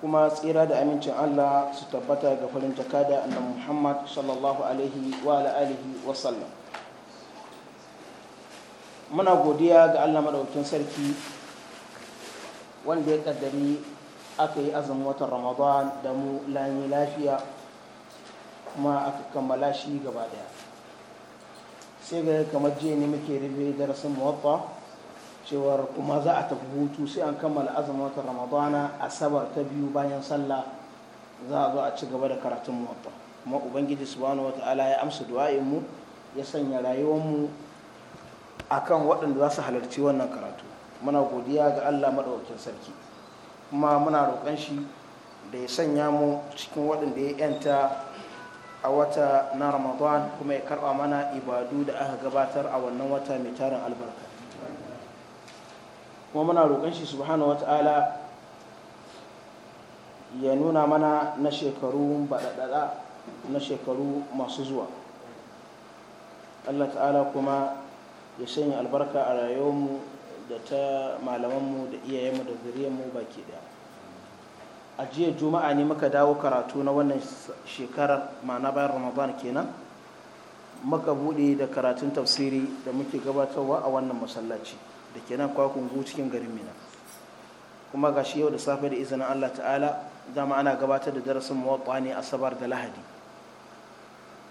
kuma tsira da amincin Allah su tabbata ga farin jakada annabi Muhammad sallallahu alaihi wa alihi wa sallam muna godiya ga Allah madaukakin sarki wanda ya kaddari aka yi azumin watan Ramadan da mu lami lafiya kuma aka kammala shi gaba ɗaya. sai ga kamar jiya ne muke rufe darasin muwatta cewar kuma za a tafi hutu sai an kammala azumin watan ramadana asabar ta biyu bayan sallah za a zo a ci gaba da karatun mota kuma ubangiji subhanahu ala ya amsa du'a'inmu ya sanya rayuwar mu akan waɗanda za su halarci wannan karatu muna godiya ga Allah maɗaukin sarki kuma muna roƙon shi da ya sanya mu cikin waɗanda ya yanta a wata na ramadan kuma ya karɓa mana ibadu da aka gabatar a wannan wata mai tarin albarka kuma muna roƙon shi subhanahu wata'ala ya nuna mana na shekaru baɗaɗaɗa na shekaru masu zuwa allah ta'ala kuma ya sanya albarka a rayuwarmu da ta malamanmu da iyayenmu da zuriyarmu baki ɗaya a jiya juma'a ne muka dawo karatu na wannan shekarar ma'ana bayan ramadan kenan muka buɗe da karatun tafsiri da muke gabatarwa a wannan masallaci da ke nan kwakungu cikin garin mina kuma ga shi yau da safe da izinin allah ta'ala dama ana gabatar da darasin mawaƙa ne asabar da lahadi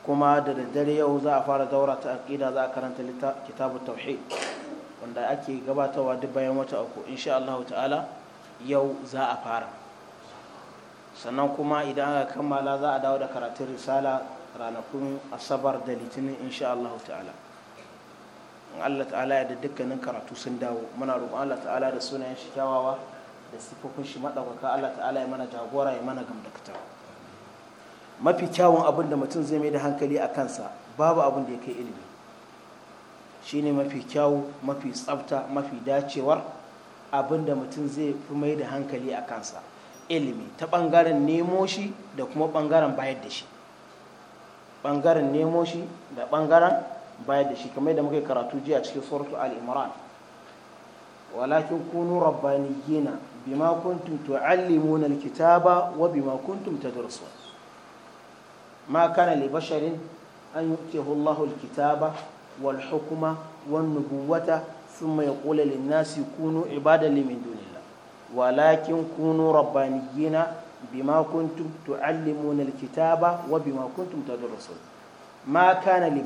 kuma da daddare yau za a fara daura ta aƙida za a karanta kitabu tauhid wanda ake gabatarwa duk bayan wata uku insha allahu ta'ala yau za a fara sannan kuma idan aka kammala za a dawo da karatun risala ranakun asabar da litinin insha allahu ta'ala in Allah ta'ala da dukkanin karatu sun dawo muna roƙon Allah ta'ala da sunayen shi kyawawa da sifofin shi maɗaukaka Allah ta'ala ya mana jagora ya mana gamdakata mafi kyawun abin da mutum zai mai da hankali a kansa babu abin da ya kai ilimi shine mafi kyawu mafi tsafta mafi dacewar abin da mutum zai fi mai da hankali a kansa ilimi ta ɓangaren nemo shi da kuma ɓangaren bayar da shi ɓangaren nemo shi da ɓangaren bayar da shi kamar da muka karatu jiya cikin suratu al-imran walakin kunu rabbaniyina bima kuntum tu'allimuna al-kitaba wa bima kuntum tadrusun ma kana li basharin an yu'tihi Allahu al-kitaba wal hukma wan nubuwata thumma yaqulu lin-nasi kunu ibada li min dunillah walakin kunu rabbaniyina bima kuntum tu'allimuna al-kitaba wa bima kuntum tadrusun ma kana li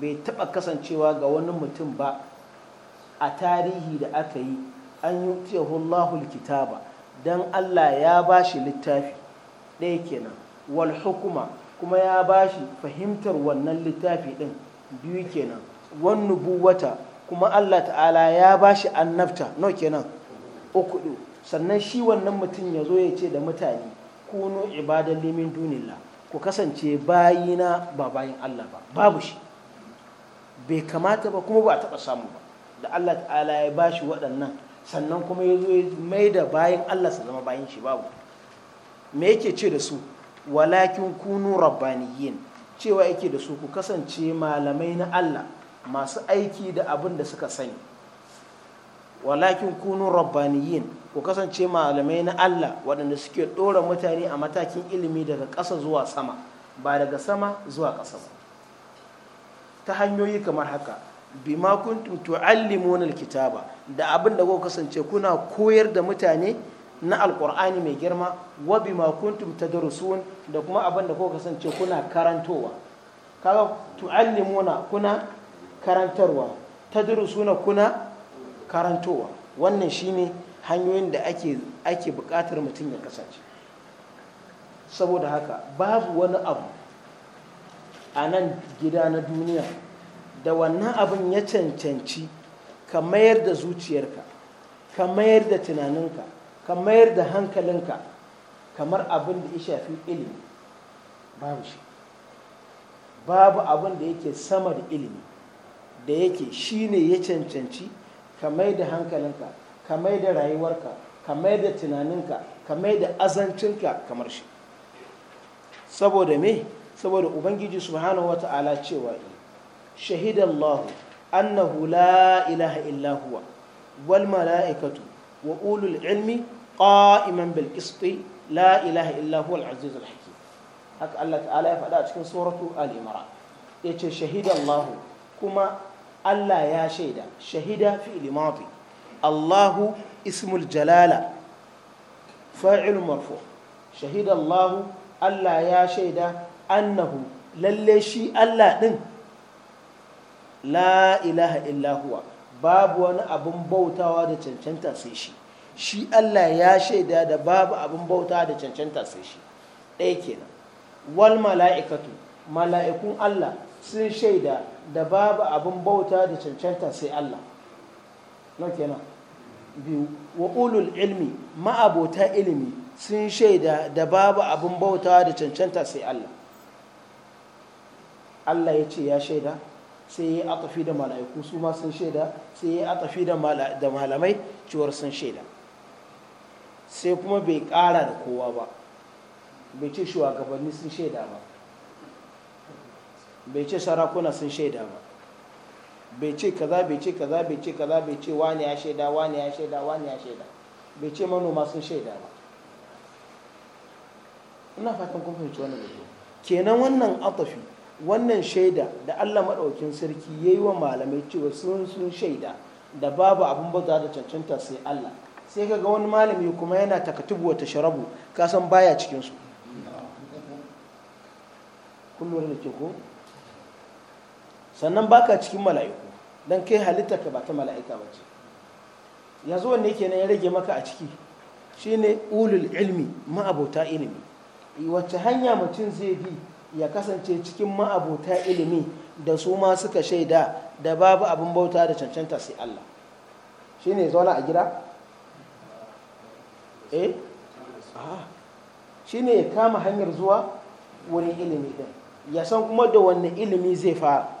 bai taɓa kasancewa ga wani mutum ba a tarihi da aka yi an yi tiyahullahu kitaba don allah ya ba shi littafi ɗaya kenan wal hukuma kuma ya ba shi fahimtar wannan littafi ɗin biyu kenan wannan buwata kuma allah ta'ala ya ba shi annabta no kenan uku sannan shi wannan mutum ya zo ya ce da mutane kunu ibadan limin dunillah ku kasance bayina ba bayin Allah ba babu shi bai kamata ba kuma ba a taɓa samu ba da Allah ta'ala ya ba shi waɗannan sannan kuma ya zo ya mai da bayin Allah su zama bayin shi babu me yake ce da su walakin kunu rabbaniyin cewa yake da su ku kasance malamai na Allah masu aiki da abin da suka sani walakin kunu rabbaniyin ku kasance malamai na Allah waɗanda suke ɗora mutane a matakin ilimi daga ƙasa zuwa sama ba daga sama zuwa ƙasa ba ta hanyoyi kamar haka bima kuntum tu'allimuna alkitaba da abin da kuka kasance kuna koyar da mutane na alkur'ani mai girma wa bima kuntum tadrusun da kuma abin da kuka kasance kuna karantowa kaga tu'allimuna kuna karantarwa tadrusuna kuna karantowa wannan shine hanyoyin da ake bukatar mutum ya kasance saboda haka babu wani abu a nan gida na duniya da wannan abin ya cancanci ka mayar da zuciyarka ka mayar da tunaninka ka mayar da hankalinka kamar abin da ya shafi ilimi babu shi babu abin da yake sama da ilimi da yake shine ya cancanci ka mai da hankalinka ka mai da rayuwarka ka mai da tunaninka ka mai da azancinka kamar shi saboda me saboda ubangiji subhanahu ta'ala cewa shahidallahu annahu la ilaha illa huwa wal mala'ikatu wa ulul ilmi qa'iman bil qisti la ilaha illa huwa al aziz al hakim haka Allah ta'ala ya faɗa a cikin suratu al imran yace shahidallahu kuma Allah ya shaida shahida fi'li Allahu ismul jalala fa'il marfu shahida Allahu Allah ya shaida annahu lalle shi Allah din la ilaha illahuwa babu wani abin bautawa da cancanta sai shi shi Allah ya shaida da babu abin bauta da cancanta sai shi ɗaya kenan wal mala'ikatu mala'ikun Allah sun shaida da babu abin bauta da cancanta sai Allah na kenan biyu wa ulul ilmi ma'abota ilimi sun shaida da babu abin bauta da cancanta sai Allah Allah ya ce ya shaida sai ya atafi da mala'iku su ma sun shaida sai ya atafi da malamai ciwar sun shaida sai kuma bai ƙara da kowa ba bai ce shugabanni sun shaida ba bai ce sarakuna sun shaida ba bai ce kaza bai ce kaza bai ce kaza bai ce wani ya shaida wani ya shaida wani ya shaida bai ce manoma sun shaida ba ina fatan kun fahimci wannan da kenan wannan atafi wannan shaida da Allah maɗaukin sarki ya yi wa malamai cewa sun sun shaida da babu abin bauta da cancanta sai Allah sai kaga wani malami kuma yana takatubu wata sharabu kasan baya cikinsu kullum da ke ko sannan ba ka cikin mala'iku don kai halitta ka ba ta mala'ika ba ce yanzu wanne nan ya rage maka a ciki shine ulul ilmi ma'abota ilimi eh, wacce hanya mutum zai bi ya kasance cikin ma'abota ilimi da su ma suka shaida da babu abin bauta da cancanta sai Allah shine zauna a gida eh shine ya kama hanyar zuwa wurin ilimi din ya san kuma da wanne ilimi zai fara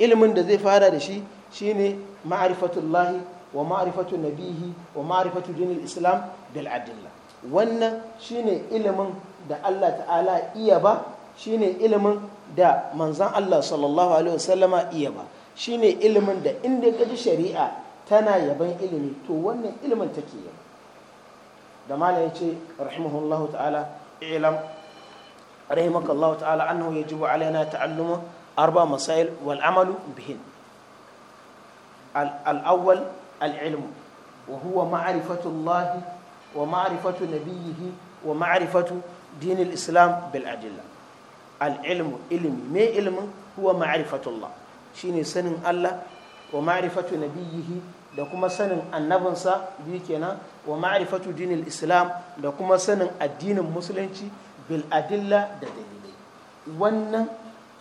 ilimin da zai fara da shi shine ma'rifatullahi wa ma'rifatu nabihi wa ma'rifatu dinil islam bil adilla wannan shine ilimin da Allah ta'ala iya ba shine ilimin da manzan Allah sallallahu alaihi wasallama iya ba shine ilimin da inda ji shari'a tana yaban ilimi to wannan ilimin take yi da malam yace rahimahullahu ta'ala ilam rahimakallahu ta'ala annahu yajibu alaina ta'allumu arba masail wal amalu bihin al-awwal al-ilmu wa huwa ma'rifatu wa ma'rifatu nabiyhi wa ma'rifatu din al-islam bil adilla al-ilmu ilmi me ilmin huwa ma'rifatu Allah shine sanin Allah wa ma'rifatu nabiyhi da kuma sanin annabinsa biyu kenan wa ma'rifatu dinil islam da kuma sanin addinin musulunci bil adilla da dalilai wannan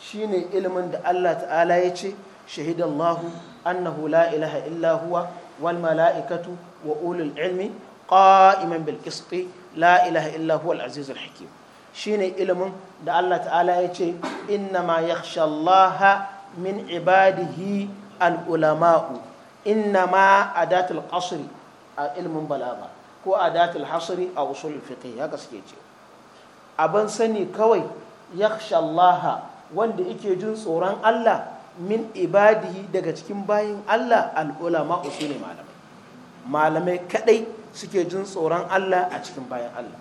shine ilimin da Allah ta'ala ya ce shahidallahu annahu la ilaha illa huwa wal mala'ikatu wa ulul ilmi qa'iman bil qisti la ilaha illa huwa al azizul hakim shine ilimin da Allah ta'ala ya ce inna ma yakhsha Allah min ibadihi al innama inna ma adatul qasri a ilmin balaga ko adatul hasri a usul fiqh haka suke ce abin sani kawai yakhsha Allah wanda yake jin tsoron Allah min ibadihi daga cikin bayin Allah al'ulama su ne malamai malamai kadai suke jin tsoron Allah a cikin bayan Allah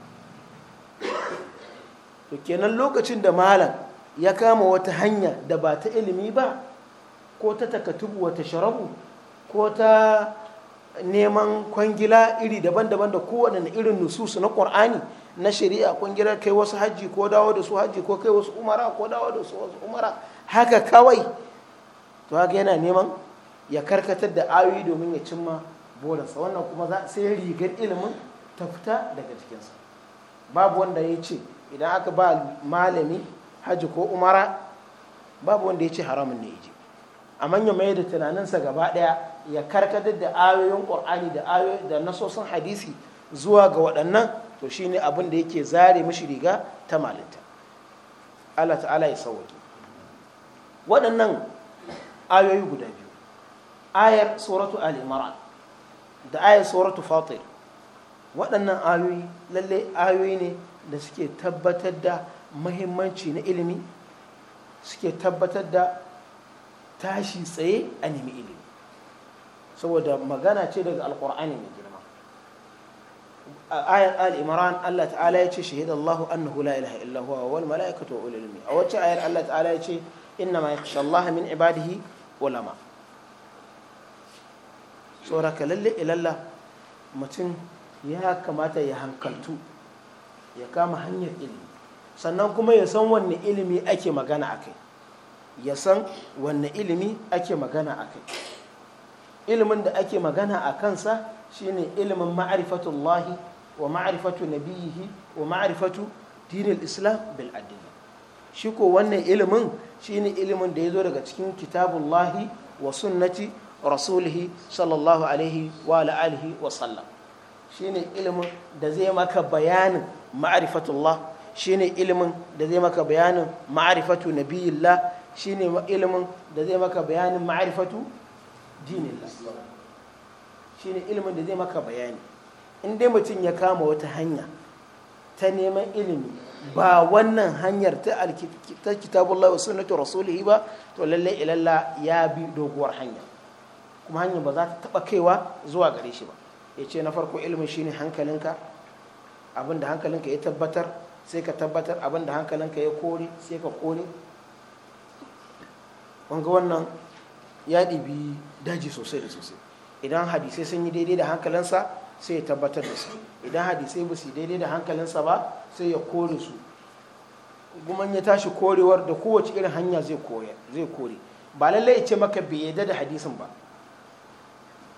to kenan lokacin da malam ya kama wata hanya da ba ta ilimi ba ko ta takatubu wata sharabu ko ta neman kwangila iri daban-daban da kowane irin nususu na ƙwar'ani na shari'a kwangila kai wasu hajji ko dawo da su hajji ko kai wasu umara ko dawo da su wasu umara haka kawai to haka yana neman ya karkatar da ayoyi domin ya cimma boransa wannan kuma za sai rigar ilimin ta fita daga jikinsa babu wanda ya ce idan aka ba malami hajji ko umara babu wanda ya ce haramun ne ya je a manya mai da tunaninsa gaba ɗaya ya karkadar da ayoyin ƙur'ani da ayoyi da nasosin hadisi zuwa ga waɗannan to ne abin da yake zare mashi riga ta malinta Allah ta'ala ya sauwaki waɗannan ayoyi guda biyu ayar tsoratu al'imara da ayar tsoratu fatir waɗannan ayoyi lalle ayoyi ne da suke tabbatar da mahimmanci na ilimi suke tabbatar da tashi tsaye a nemi ilimi saboda magana ce daga alkur'ani mai girma a ayar al-imran Allah ta'ala ya ce shahid Allahu annahu la ilaha illa huwa wal malaikatu wa ilmi a wacce ayar Allah ta'ala ya ce inna ma yakhsha Allah min ibadihi ulama ka lalle ilalla mutum ya kamata ya hankaltu ya kama hanyar ilimi sannan kuma ya san wanne ilimi ake magana akai ya san wanne ilimi ake magana akai ilimin da ake magana a kansa shine ilimin ma'rifatullahi wa ma'arifatu nabiyihi wa ma'arifatu dinil islam bil addini shi ko wannan ilimin shine ilimin da ya zo daga cikin kitabullahi wa sunnati rasulihi sallallahu alaihi wa alihi wa sallam shine ilimin da zai maka bayanin shi shine ilimin da zai maka bayanin ma'arifatu nabiyillah shine ilimin da zai maka bayanin ma'arifatu dinin shi ne ilimin da zai maka bayani in dai mutum ya kama wata hanya ta neman ilimi ba wannan hanyar ta kitabullahi wa sunnatu rasulihi ba to lallai ilalla ya bi doguwar hanya kuma hanyar ba za ta taba kaiwa zuwa gare shi ba ya ce na farko ilimin shine hankalinka abinda hankalinka ya tabbatar sai ka tabbatar abinda hankalinka ya kore sai ka kore wanga wannan ya ɗibi daji sosai da sosai idan hadisai sun yi daidai da hankalinsa sai ya tabbatar da su idan hadisai ba su daidai da hankalinsa ba sai ya kore su kuma ya tashi korewar da kowace irin hanya zai kore ba lallai ya ce maka bai yadda da hadisin ba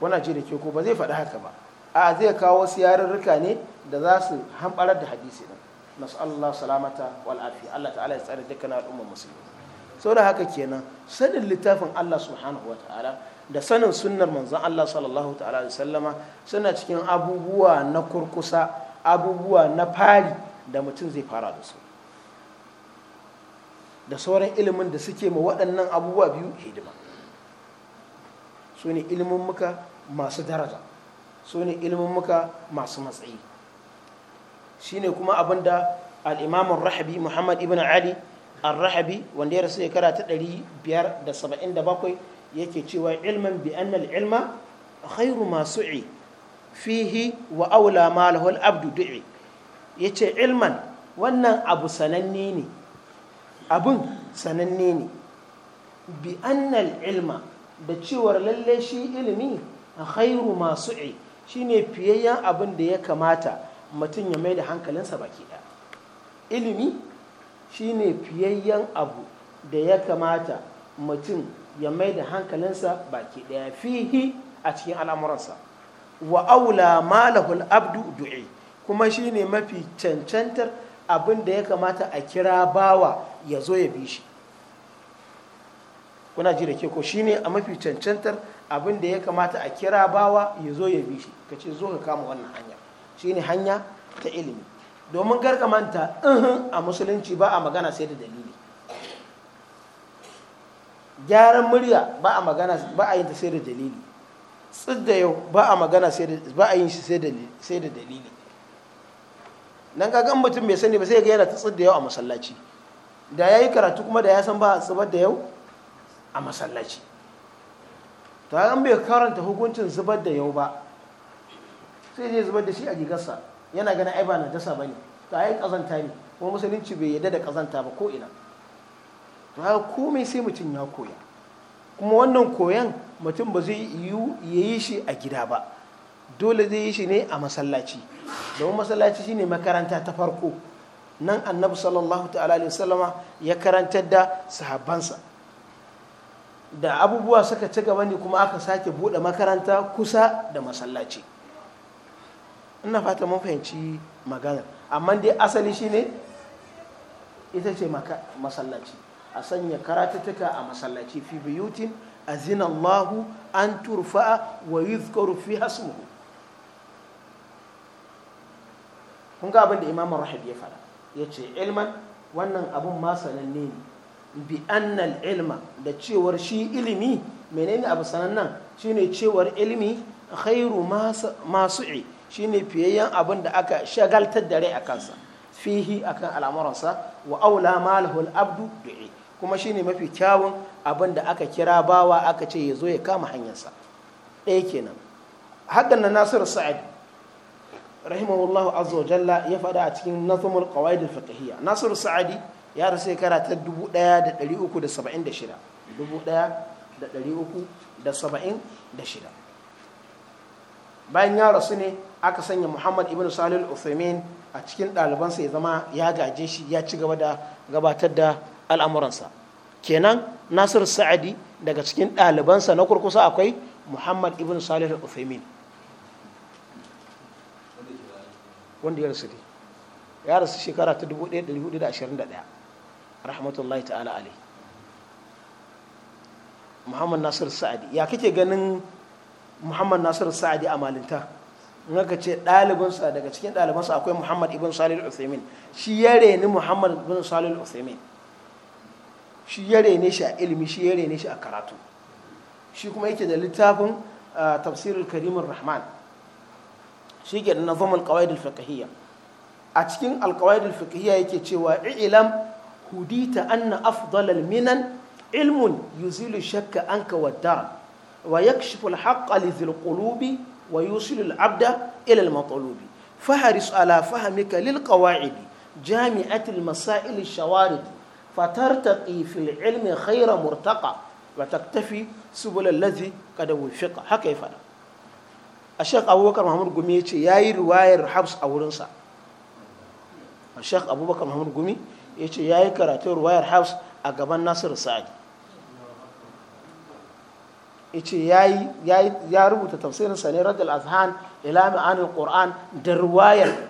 wana ce da ke ko ba zai faɗi haka ba a zai kawo wasu yarurruka ne da za su hamɓarar da hadisi ɗin nasu Allah salamata wal Allah ta'ala ya tsare dukkan al'ummar musulmi da haka kenan sanin littafin Allah subhanahu wa ta'ala da sanin sunnar manzon Allah sallallahu ta'ala sallama suna cikin abubuwa na kurkusa abubuwa na fari da mutum zai fara da su da sauran ilimin da suke ma waɗannan abubuwa biyu hidima su ne ilimin muka masu daraja su ne ilimin muka masu matsayi shi ne kuma abinda da al'imamun rahabi muhammad ibn ali al-rahabi wanda ya rasu shekara ta 577 yake cewa ilman bi annal ilma khairu ma su'i fihi wa aula ma lahu abdu du'i yace ilman wannan abu sananne ne abun sananne ne bi annal ilma da cewar lalle shi ilimi khairu ma su'i shine fiyayyen abin da ya kamata mutum ya mai da hankalinsa baki ilimi shine fiyayyen abu da ya kamata mutum ya mai da hankalinsa baki ɗaya fihi a cikin al'amuransa wa aula malahul abdu du'i kuma shi ne mafi cancantar abin da ya kamata a kira bawa ya zo ya bi shi kuna ji da ke ko shine a mafi cancantar abin da ya kamata a kira bawa ya zo ya bi shi ka ce zo ka kama wannan hanya shine hanya ta ilimi domin garga manta in a musulunci ba a magana sai da dalili gyaran murya ba a magana ba a yin ta sai da dalili tsidda yau ba a magana ba a yin shi sai da dalili nan kaga mutum bai sani ba sai ga yana ta tsidda yau a masallaci da ya yi karatu kuma da ya san ba a tsibar da yau a masallaci to an bai karanta hukuncin zubar da yau ba sai zai zubar da shi a gigarsa yana ganin ai ba na dasa ba ne to yi kazanta ne kuma musulunci bai yadda da kazanta ba ko ina to komai sai mutum ya koya kuma wannan koyan mutum ba zai yiwu ya yi shi a gida ba dole zai yi shi ne a masallaci domin masallaci shine makaranta ta farko nan annabi sallallahu ta'ala alaihi ya karantar da sahabbansa da abubuwa suka ci gaba ne kuma aka sake buɗe makaranta kusa da masallaci ina fata mun fahimci magana amma dai asali shine ita ce masallaci a sanya karatattaka a masallaci fi biyutin azina Allahu an turfa'a wa yuzkaru fi hasmuhu kun ga abin da Imam Rahib ya fara yace ilman wannan abun ma sananne ne bi annal ilma da cewar shi ilimi menene abu sanannan shine cewar ilimi khairu masu'i shine fiyayyen abin da aka shagaltar da rai a kansa fihi akan al'amuransa wa aula malahul abdu du'i kuma shine mafi kyawun abin da aka kira bawa aka ce ya zo ya kama hanyarsa ɗaya kenan hakan na nasiru sa'ad rahimahullah azza wa jalla ya faɗa a cikin nazmul qawaid al nasiru sa'adi ya rasu shekara ta 1376 1376 bayan ya rasu ne aka sanya muhammad ibn salih al a cikin ɗalibansa ya zama ya gaje shi ya ci gaba da gabatar da al'amuransa kenan nasiru sa'adi daga cikin ɗalibansa na kurkusa akwai muhammad ibn salih al wanda ya rasu ne ya rasu shekara ta 1421 rahmatullahi ta'ala alai muhammad nasir sa'adi ya kake ganin muhammad nasir sa'adi a malinta in ka ce ɗalibinsa daga cikin ɗalibansa akwai muhammad ibn salih al shi ya reni muhammad ibn salih al shi ya rene shi a ilimi shi ya rene shi a karatu shi kuma yake da littafin tafsirin karimin rahman shi ke da nazamin qawaidul fiqhiyya a cikin alqawaidul fiqhiyya yake cewa ilam hudita anna afdalal minan ilmun yuzilu shakka anka waddara wa yakshifu alhaqqa lizil qulubi wa yusilu al'abda ilal al-matlubi faharis ala fahamika lil ƙawa'idi jami'atil masail ash-shawarid fatartaqi fil ilmi khayra murtaqa wa taktafi subul allazi kada wufiqa haka ya fada a shek abubakar muhammad gumi ya ce ya yi riwayar habs a wurinsa a shek abubakar muhammad gumi ya ce ya yi karatun a gaban nasiru ya rubuta tafsirin sa ne radal azhan ila ma'anin qur'an da wayar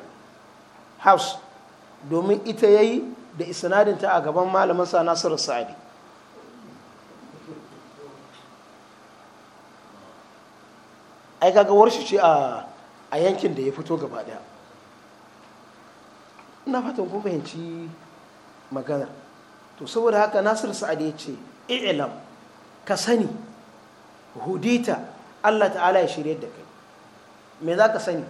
habs domin ita ya yi da isnadin ta a gaban malamin sa Nasiru Sa'adi ai kaga warshi ce a a yankin da ya fito gaba daya ina fatan kun fahimci magana to saboda haka Nasiru Sa'adi ya ce i'lam ka sani hudita Allah ta'ala ya shirya da kai me za ka sani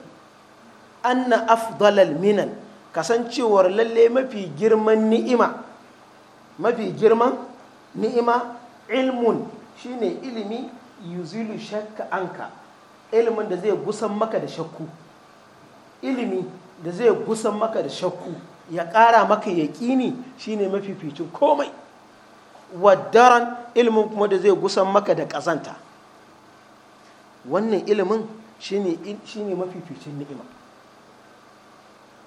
anna afdalal minan kasancewar lalle mafi girman ni'ima mafi girman ni'ima ilmun shine ilimi yuzilu shakka anka ilimin da zai gusan maka da shakku ilimi da zai gusan maka da shakku ya ƙara maka yaƙini shine mafificin komai waddaran ilimin kuma da zai gusan maka da ƙazanta wannan ilimin shine mafificin ni'ima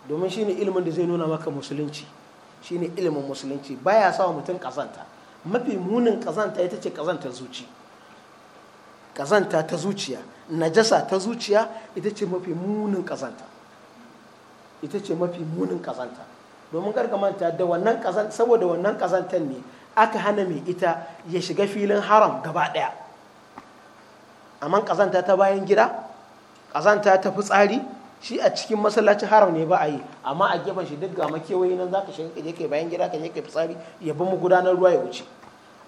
domin shi ne ilimin da zai nuna maka musulunci shi ne ilimin musulunci baya sawa mutum kazanta mafi munin kazanta ita ce kazanta zuci kazanta ta zuciya najasa ta zuciya ita ce mafi munin kazanta ita ce mafi munin kazanta domin manta da wannan kazanta saboda wannan kazantar ne aka hana mai ita ya shiga filin haram gaba daya amma kazanta ta bayan gida kazanta ta fitsari shi a cikin masallacin haram ne ba a yi amma a gefen shi duk ga makewayi nan zaka shiga kaje kai bayan gida kaje kai fitsari ya bi mu gudanar ruwa ya wuce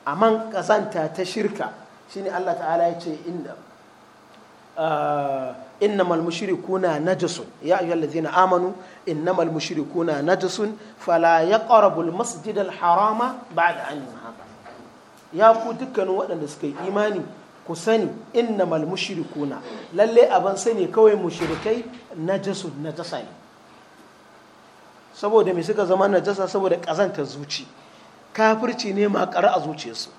amma kasanta ta shirka shine Allah ta'ala ya ce inna ah, innamal mushrikuna najasun ya ayyuhallazina amanu innamal mushrikuna najasun fala yaqrabul masjidal harama ba'da an haka ya ku dukkanin waɗanda suka yi imani ku sani innamal mushrikuna lalle aban sani kawai mushrikai najasu najasa ne saboda mai suka zama najasa saboda kazanta zuci kafirci ne makara a zuciyarsu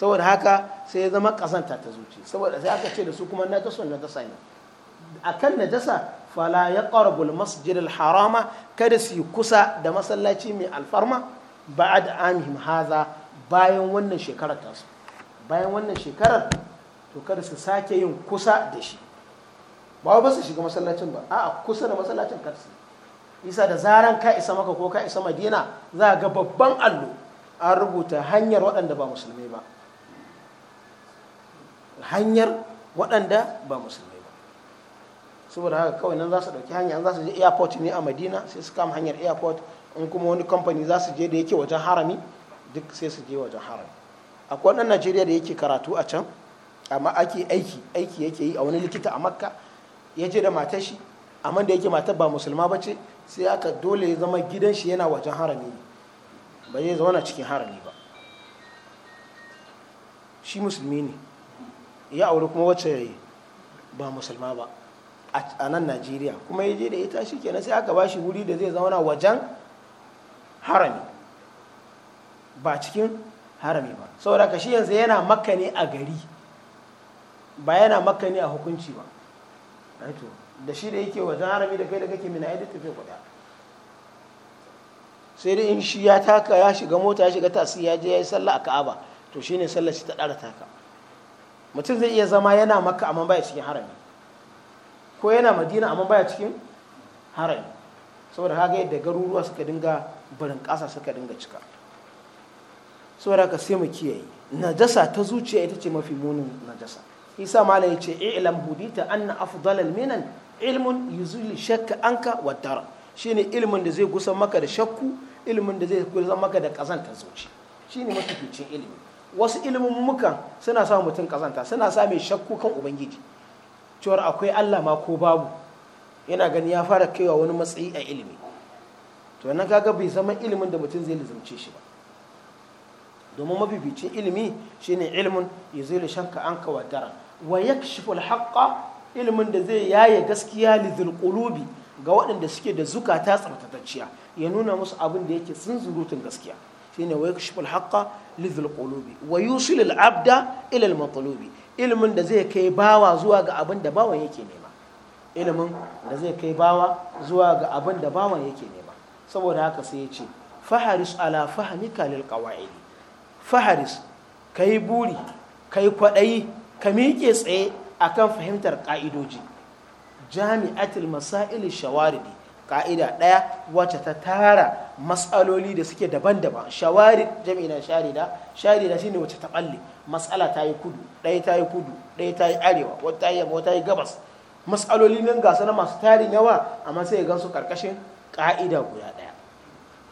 saboda haka sai ya zama kazanta ta zuci saboda sai aka ce da su kuma najasu najasa ne a akan najasa fala ya qarabul masjid al harama kada su yi kusa da masallaci mai alfarma ba'ad amihim haza bayan wannan shekarar tasu bayan wannan shekarar to kada su sake yin kusa da shi ba ba su shiga masallacin ba a'a kusa da masallacin kansu isa da zaran ka isa maka ko ka isa madina za ga babban allo an rubuta hanyar waɗanda ba musulmai ba hanyar waɗanda ba musulmai ba saboda haka kawai nan za su ɗauki hanya za su je airport ne a madina sai su kama hanyar airport in kuma wani kamfani za su je da yake wajen harami duk sai su je wajen harami akwai wannan najeriya da yake karatu a can amma ake aiki aiki yake yi a wani likita a makka ya je da matar shi amma da yake matar ba musulma ba ce sai aka dole ya zama gidan shi yana wajen harami ba zai zauna cikin harami ba shi musulmi ne ya auri kuma wacce ba musulma ba a nan najeriya kuma ya je da ita shi kenan sai aka ba shi wuri da zai zauna wajen harami ba cikin harami ba saboda ka shi yanzu yana makani a gari ba yana makani a hukunci ba aito eh da shi da yake wajen harami da kai da kake mina aidi tafiya kuɗa sai dai in shi ya taka ya shiga mota ya shiga tasi ya je ya yi sallah a ka'aba to shi ne sallah shi ta ɗara taka mutum zai iya zama yana makka amma baya cikin harami ko yana madina amma baya cikin harami saboda haka yadda garuruwa suka dinga barin ƙasa suka dinga cika saboda haka sai mu kiyaye najasa ta zuciya ita ce mafi munin najasa isa malam ya ce ilm hudita anna afdalal minan ilmun yuzil shakka anka wa tara shine ilmin da zai gusa maka da shakku ilmin da zai gusa maka da kazanta zuci shine mataficin ilmi wasu ilimin muka suna sa mutum kazanta suna sa mai shakku kan ubangiji cewar akwai Allah ma ko babu yana gani ya fara kaiwa wani matsayi a ilimi to nan kaga bai zama ilmin da mutum zai lizumce shi ba domin mafificin ilimi shine ilmin yuzilu shakka anka wa tara wa yakshifu haƙa ilimin da zai yaye gaskiya lidhil qulubi ga waɗanda suke da zukata tsaftatacciya ya nuna musu abin da yake sun zurutun gaskiya shine wa yakshifu haƙa lidhil qulubi wa yusil alabda ila almatlubi ilimin da zai kai bawa zuwa ga abin da bawan yake nema ilimin da zai kai bawa zuwa ga abin da bawan yake nema saboda haka sai ya ce faharis ala fahmika lil qawaid faharis kai buri kai kwaɗayi ka miƙe tsaye a kan fahimtar ƙa'idoji jami'atul masail shawaridi ƙa'ida ɗaya wacce ta tara matsaloli da suke daban-daban shawarid jami'ina sharida sharida shine wacce ta ɓalle. matsala ta yi kudu ɗaya ta yi kudu ɗaya ta yi arewa wata yi yamma wata yi gabas matsaloli nan gasa na masu tarin yawa amma sai gan su karkashin ƙa'ida guda ɗaya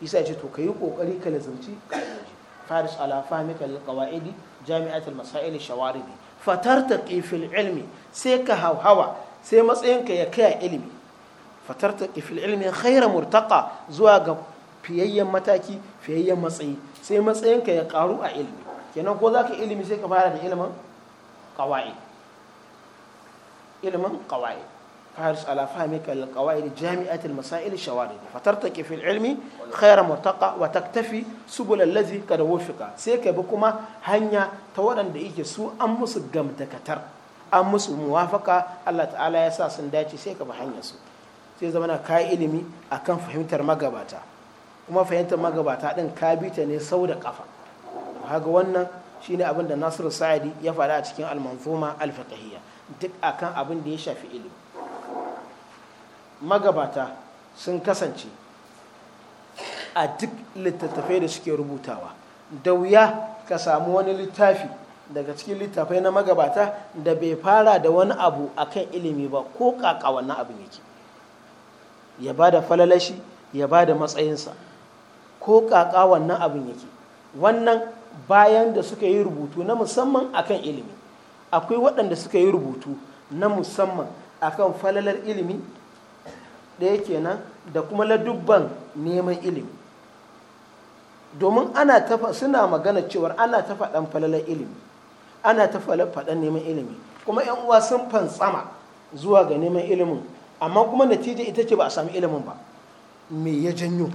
isa ya ce to ka yi ƙoƙari, ka lazimci ƙa'idoji faris ala fahimika lil qawaidi jami'atul masail shawaridi fatarta fil ilmi sai ka hauhawa sai matsayinka ya kai ilimi fatarta fil ilmi khayra murtaqa zuwa ga fiyayyen mataki fiyayyen matsayi sai matsayinka ya karu a ilmi kenan ko zaka ilmi sai ka fara da ilimin qawaid qawaid فحرص على فهمك للقواعد جامعة المسائل الشوارد فترتقي في العلم خير مرتقى وتكتفي سبل الذي قد وفق سيك بكما هنيا ta da yake su an musu gamtakatar an musu muwafaka Allah ta'ala ya sa sun dace sai ka bi hanyar su sai zama na kai ilimi akan fahimtar magabata kuma fahimtar magabata din ka bi ta ne sau da kafa haga wannan shine abin da Nasiru Sa'idi ya faɗa a cikin al-manzuma al-fiqhiyya duk akan abin da ya shafi ilimi magabata sun kasance a duk littattafai da suke rubutawa da wuya ka samu wani littafi daga cikin littafai na magabata da bai fara da wani abu akan ilimi ba ko kaka wannan abin yake ya ba da falalashi ya ba da matsayinsa ko kaka wannan abin yake wannan bayan da suka yi rubutu na musamman akan ilimi akwai waɗanda suka yi rubutu na musamman akan falalar ilimi ɗaya kenan da kuma ladubban neman ilimi domin ana tafa suna magana cewar ana ta faɗan falalar ilimi ana ta faɗan neman ilimi kuma yan uwa sun fantsama zuwa ga neman ilimin amma kuma natija ita ce ba a sami ilimin ba me ya janyo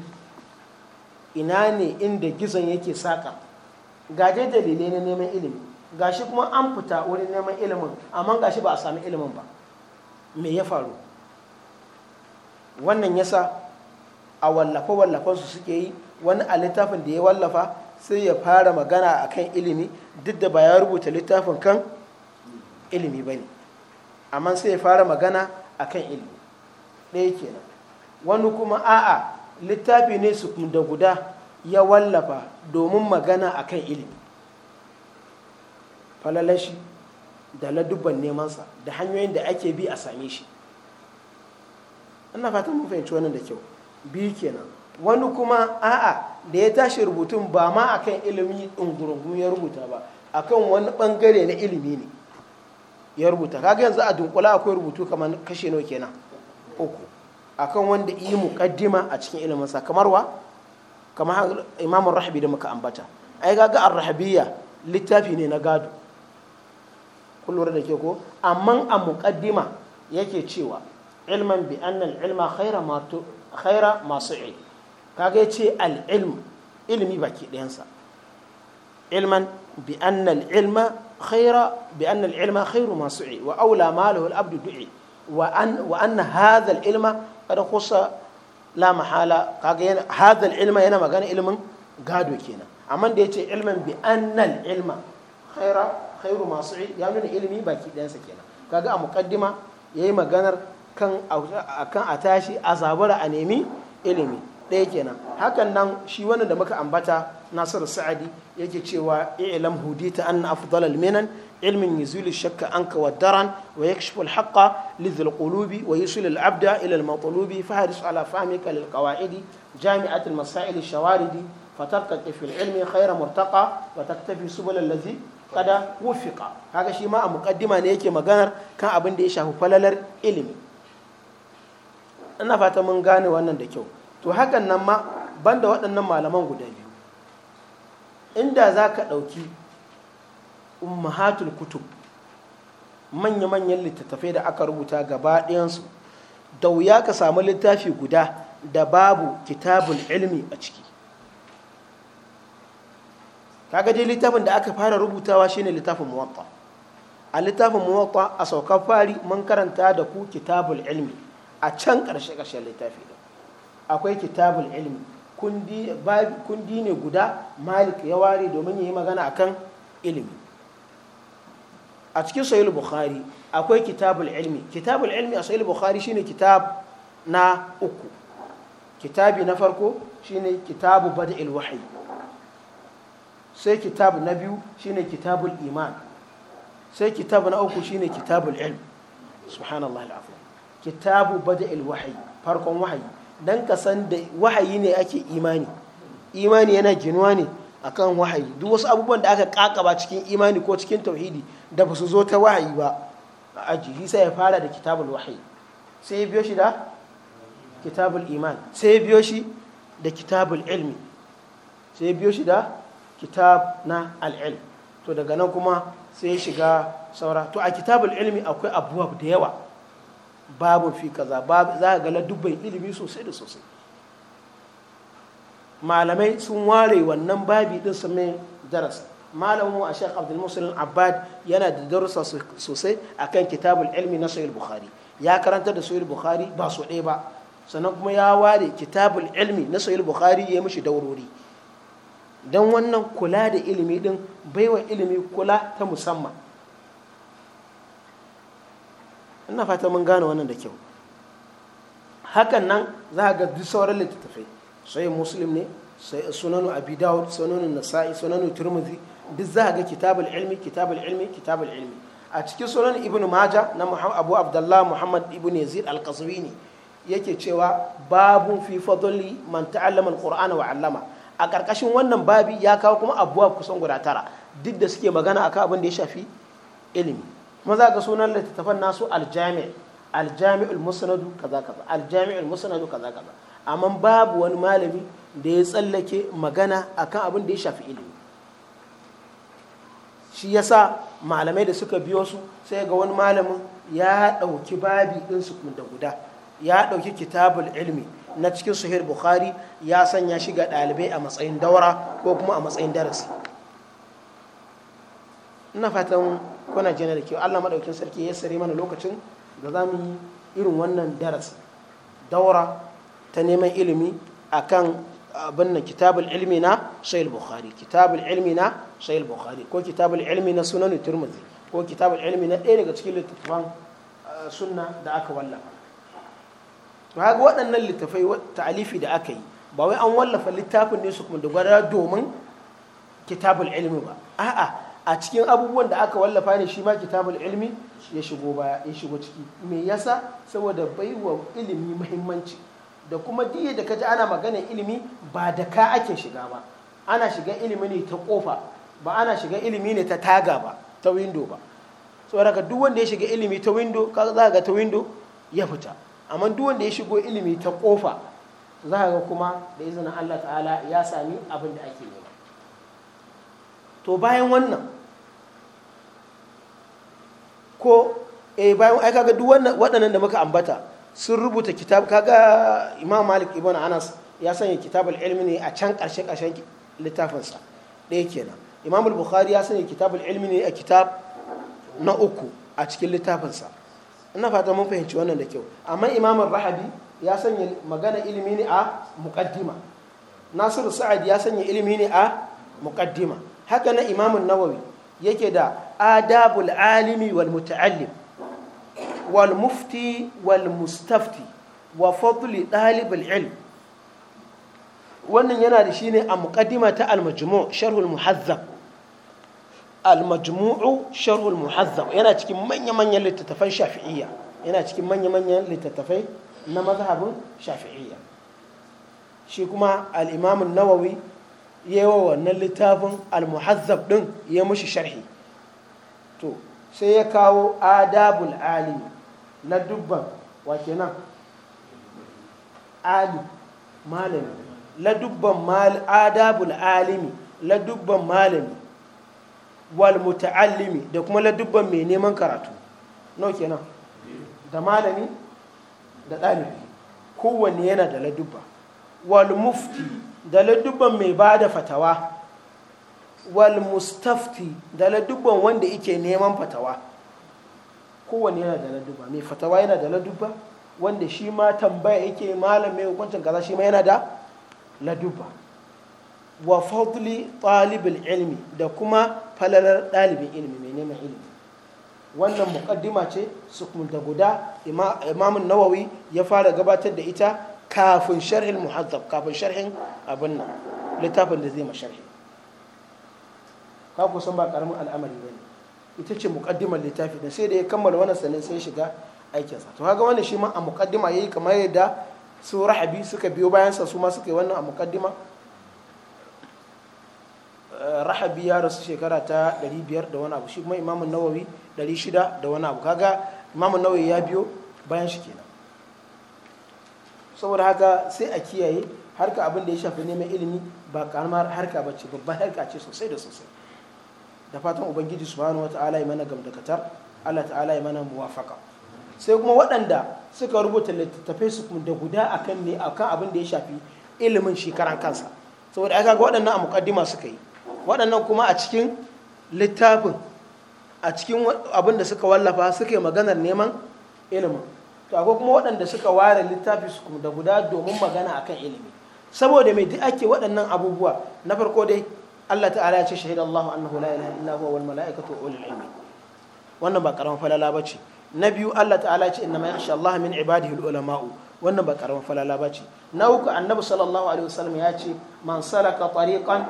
ina ne inda gizon yake saka gaje dalilai na neman ilimi gashi kuma an fita wurin neman ilimin amma gashi ba a sami ilimin ba me ya faru wannan yasa a wallafa wallafansu suke yi wani a littafin da ya wallafa sai ya fara magana a kan ilimi duk da ba ya rubuta littafin kan ilimi ba ne amma sai ya fara magana a kan ilimi ɗaya kenan wani kuma a'a littafi ne su da guda ya wallafa domin magana a kan ilimi falalashi da ladubban nemansa da hanyoyin da ake bi a same shi ana fatan mun fahimci wannan da kyau biyu kenan wani kuma a'a da ya tashi rubutun ba ma akan ilimi ɗungurungun ya rubuta ba akan wani bangare na ilimi ne ya rubuta kaga yanzu a dunkula akwai rubutu kamar kashe nawa kenan uku akan wanda yi muqaddima a cikin ilimin sa kamar wa kamar imamun rahabi da muka ambata ai kaga ar-rahabiyya littafi ne na gado kun da ke ko amma a muqaddima yake cewa ilman bi annal ilma ma khaira ma su'i yace al ilm ilmi baki ɗayansa kaga yana ilma yana magana ilmin gado kenan amma da yace ilman bi ma su'i ya nuna ilmi baki ɗayansa kenan kaga a muqaddima yayi maganar kan a tashi a zabura a nemi ilimi ɗaya kenan hakan nan shi wannan da muka ambata nasiru sa'adi yake cewa hudi ta anna afdal al-minan ilmin yuzulu shakka anka wa daran wa yakshifu al lidhil qulubi wa yusil abda ila al-matlubi fahris ala fahmika lil jami'at al-masail ash-shawaridi fatarqaqi fil ilmi khayra murtaqa wa taktafi subul allazi qad wufiqa kaga shi ma a muqaddima ne yake maganar kan abin da ya shafi falalar ilimi ina fata mun gane wannan da kyau to hakan nan ma banda waɗannan malaman guda biyu inda za ka ɗauki umahatul kutub manya-manyan littattafai da aka rubuta gaba ɗayansu da wuya ka samu littafi guda da babu kitabul ilmi a ciki kaga dai littafin da aka fara rubutawa shine littafin muwatta a littafin muwatta a saukar fari mun karanta da ku kitabul ilmi a can ƙarshe ƙarshen littafi ɗin akwai kitabul ilmi kundi ne guda malik ya ware domin ya yi magana akan ilmi a cikin sayil bukhari akwai kitabul ilmi kitabul ilmi a sayil bukhari shine kitab na uku kitabi na farko shine kitabu bada'il wahyi sai kitab na biyu shine kitabul iman sai kitab na uku shine kitabul ilmi subhanallah alazim kitabu bada wahayi farkon wahayi dan ka san da wahayi ne ake imani imani yana ginuwa ne a kan wahayi duk wasu abubuwan da aka kakaba cikin imani ko cikin tauhidi da ba su zo ta wahayi ba a ajihi sai ya fara da kitabul wahayi sai ya biyo shi da kitabul iman sai ya biyo shi da kitabul ilmi sai ya biyo shi da kitab na al'il to daga nan kuma sai ya shiga saura to a kitabul ilmi akwai abubuwa da yawa babu fi kaza za ga dubban ilimi sosai da sosai malamai sun ware wannan babi din su mai darasa malamin a shek abdul musulun abbad yana da darussa sosai a kan kitabul ilmi na sahih bukhari ya karanta da sahih bukhari ba so ɗaya ba sannan kuma ya ware kitabul ilmi na sahih bukhari ya mishi daurori don wannan kula da ilimi din baiwa ilimi kula ta musamman ina fata mun gane wannan da kyau hakan nan za ga duk sauran littattafai sai muslim ne sai sunanu abi dawud sunanu nasa'i sunanu turmuzi duk za ga kitabul ilmi kitabul ilmi kitabul ilmi a cikin sunan ibnu maja na abu abdullah muhammad ibn yazid al-qaswini yake cewa babu fi fadli man ta'allama al-qur'ana wa 'allama a karkashin wannan babi ya kawo kuma abuwa kusan guda tara duk da suke magana akan abin da ya shafi ilimi kuma za ga sunan littattafan nasu aljami aljami'ul musnadu kaza kaza aljami'ul musnadu kaza kaza amma babu wani malami da ya tsallake magana akan abin da ya shafi ilimi shi yasa malamai da suka biyo su sai ga wani malamin ya ɗauki babi din su da guda ya ɗauki kitabul ilmi na cikin suhir bukhari ya sanya shi ga ɗalibai a matsayin daura ko kuma a matsayin darasi ina fatan kuna jina da kyau Allah maɗaukin sarki ya sare mana lokacin da za mu yi irin wannan darasi daura ta neman ilimi kan abin na kitabul ilmi na shayil bukhari kitabul ilmi na shayil bukhari ko kitabul ilmi na sunan turmuzi ko kitabul ilmi na ɗaya daga cikin littattafan ah, sunna da aka wallafa to haka waɗannan littafai ta'alifi da aka yi ba wai an wallafa littafin ne su kuma gwada domin kitabul ilmi ba a'a a cikin abubuwan da aka wallafa ne shi ma kitabul ilmi ya shigo baya ya shigo ciki me yasa saboda baiwa ilimi muhimmanci da kuma diya da kaji ana magana ilimi ba da ka ake shiga ba ana shiga ilimi ne ta kofa ba ana shiga ilimi ne ta taga ba ta window ba saboda ka duk wanda ya shiga ilimi ta window ka za ga ta window ya fita amma duk wanda ya shigo ilimi ta kofa za ga kuma da izinin Allah ta'ala ya sami abin da ake nema to bayan wannan ko e bayan aika ga duk waɗannan da muka ambata sun rubuta kitab kaga imam malik ibn anas ya sanya kitab al’ilmi ne a can ƙarshen ƙarshen littafinsa ɗaya kenan imam bukhari ya sanya kitab al’ilmi ne a kitab na uku a cikin littafinsa ina fata mun fahimci wannan da kyau amma imam rahabi ya sanya magana ilimi ne a muqaddima nasiru sa'ad ya sanya ilimi ne a muqaddima haka na imamun nawawi yake da adabul alimi wal muta'allim wal mufti wal mustafti wa fadli dalibul ilm wannan yana da shine a muqaddima ta al majmu' sharhul muhazzab al majmu'u sharhul muhazzab yana cikin manya manyan littattafan shafi'iyya yana cikin manya manyan littattafai na mazhabin shafi'iyya shi kuma al imamun nawawi ya yi wa wannan littafin almuhazzab ɗin ya mushi sharhi to sai ya kawo adabul alimi na dubban wake nan ali malami la dubban adabul alimi la dubban malami wal muta'allimi da kuma la dubban mai neman karatu nau nan da malami da ɗalibi kowanne yana da la dubba wal mufti da ladubban mai ba da fatawa wal mustafti da ladubban wanda yake neman fatawa kowane yana da ladubba mai fatawa yana da ladubba wanda shi ma tambaya yake malam mai hukuncin kaza shi ma yana da ladubba wa fadli talibin ilmi da kuma falalar ɗalibin ilmi mai neman ilmi wannan muƙaddima ce su da guda imamun nawawi ya fara gabatar da ita kafin sharhin muhazzab kafin sharhin abin nan littafin da zai ma sharhi ka kusan ba karamin al'amari ba ne ita ce muƙaddimar littafi da sai da ya kammala wani sannan sai shiga aikinsa to haka wani shi ma a muƙaddima yayi kamar yadda su rahabi suka biyo bayansa su ma suka yi wannan a muƙaddima eh, rahabi ya rasu shekara ta 500 da wani abu shi kuma imamun nawawi 600 da wani abu kaga imamun nawawi ya biyo bayan shi kenan saboda haka sai a kiyaye harka abin da ya shafi neman ilimi ba karamar harka ce babban harka ce sosai da sosai da fatan ubangiji subhanahu wataala ya mana gamdakatar Allah ta'ala ya mana muwafaka sai kuma waɗanda suka rubuta littattafai su da guda kan ne akan abin da ya shafi ilimin shekaran kansa saboda aka ga waɗannan a muqaddima suka yi waɗannan kuma a cikin littafin a cikin abin da suka wallafa suka yi maganar neman ilimin to akwai kuma waɗanda suka ware littafi su da guda domin magana akan ilimi saboda mai duk ake waɗannan abubuwa na farko dai Allah ta'ala ya ce shahida Allah annahu la ilaha illa huwa wal mala'ikatu wa ulul ilmi wannan ba karamin falala bace na biyu Allah ta'ala ya ce inna ma yakhsha Allah min ibadihi al ulama'u wannan ba karamin falala bace na uku annabi sallallahu alaihi wasallam ya ce man salaka tariqan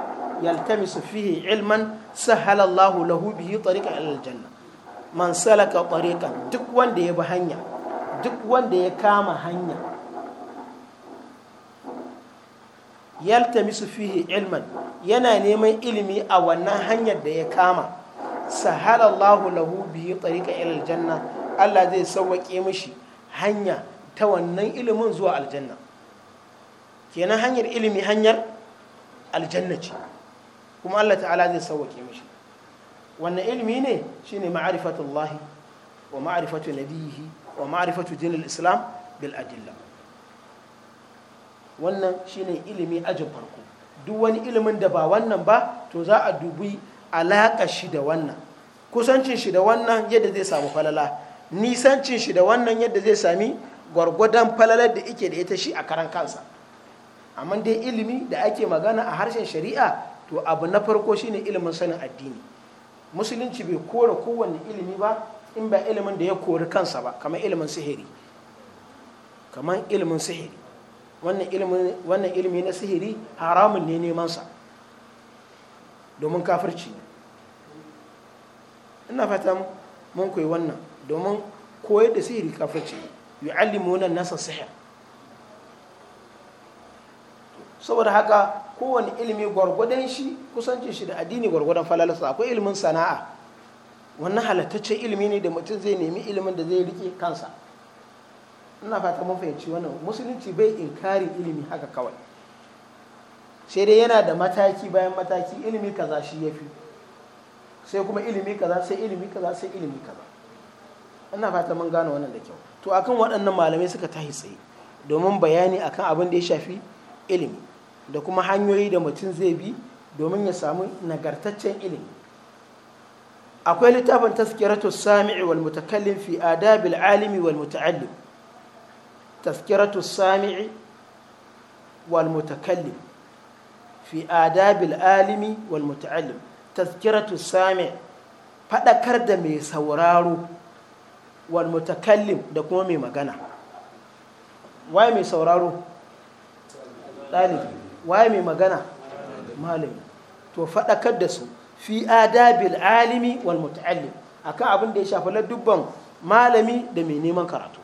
yaltamisu fihi ilman sahala Allah lahu bihi tariqan ila al janna man salaka tariqan duk wanda ya bi hanya duk wanda ya kama hanya yaltamisu fihi ilman yana neman ilimi a wannan hanyar da ya kama sahalallahu lahu bihi tariqa ila aljanna Allah zai sauwaƙe mishi hanya ta wannan ilimin zuwa aljanna kenan hanyar ilimi hanyar aljanna ce kuma Allah ta'ala zai sauwaƙe mashi wannan ilimi ne shine ma'rifatullahi wa ma'rifatu nabiyihi wa ma'arifatu dinil islam bil adilla wannan shine ilimi ajin farko duk wani ilimin da ba wannan ba to za a dubi alaƙa shi da wannan kusancin shi da wannan yadda zai samu falala nisancin shi da wannan yadda zai sami gwargwadon falalar da ike da ita shi a karan kansa amma dai ilimi da ake magana a harshen shari'a to abu na farko shine ilimin sanin addini musulunci bai kora kowane ilimi ba in ba ilimin da ya kori kansa ba kamar ilimin sihiri kamar ilimin sihiri wannan ilimi na sihiri haramun ne nemansa domin kafirci ne ina fata mun koyi wannan domin koyar da sihiri kafirci ne nan nasa sihir saboda haka kowane ilimi gwargwadon shi kusancin shi da addini gwargwadon falalasa akwai ilimin sana'a wannan halattaccen ilimi ne da mutum zai nemi ilimin da zai rike kansa ina fata mun fahimci wannan musulunci bai inkarin ilimi haka kawai sai dai yana da mataki bayan mataki ilimi kaza shi ya fi sai kuma ilimi kaza sai ilimi kaza sai ilimi kaza ina fata mun gane wannan da kyau to akan waɗannan malamai suka tahi tsaye domin bayani akan abin da ya shafi ilimi da kuma hanyoyi da mutum zai bi domin ya samu nagartaccen ilimi akwai littafin taskiratu sami'i wal mutakallim fi adabil alimi wal muta'allim taskiratu sami'i wal mutakallim fi adabil alimi wal muta'allim taskiratu sami' fadakar da mai sauraro wal mutakallim da kuma mai magana waye mai sauraro ɗalibi waye mai magana malami to fadakar da su fi adabil alimi wal muta'allim akan abin da ya shafi ladubban malami da mai neman karatu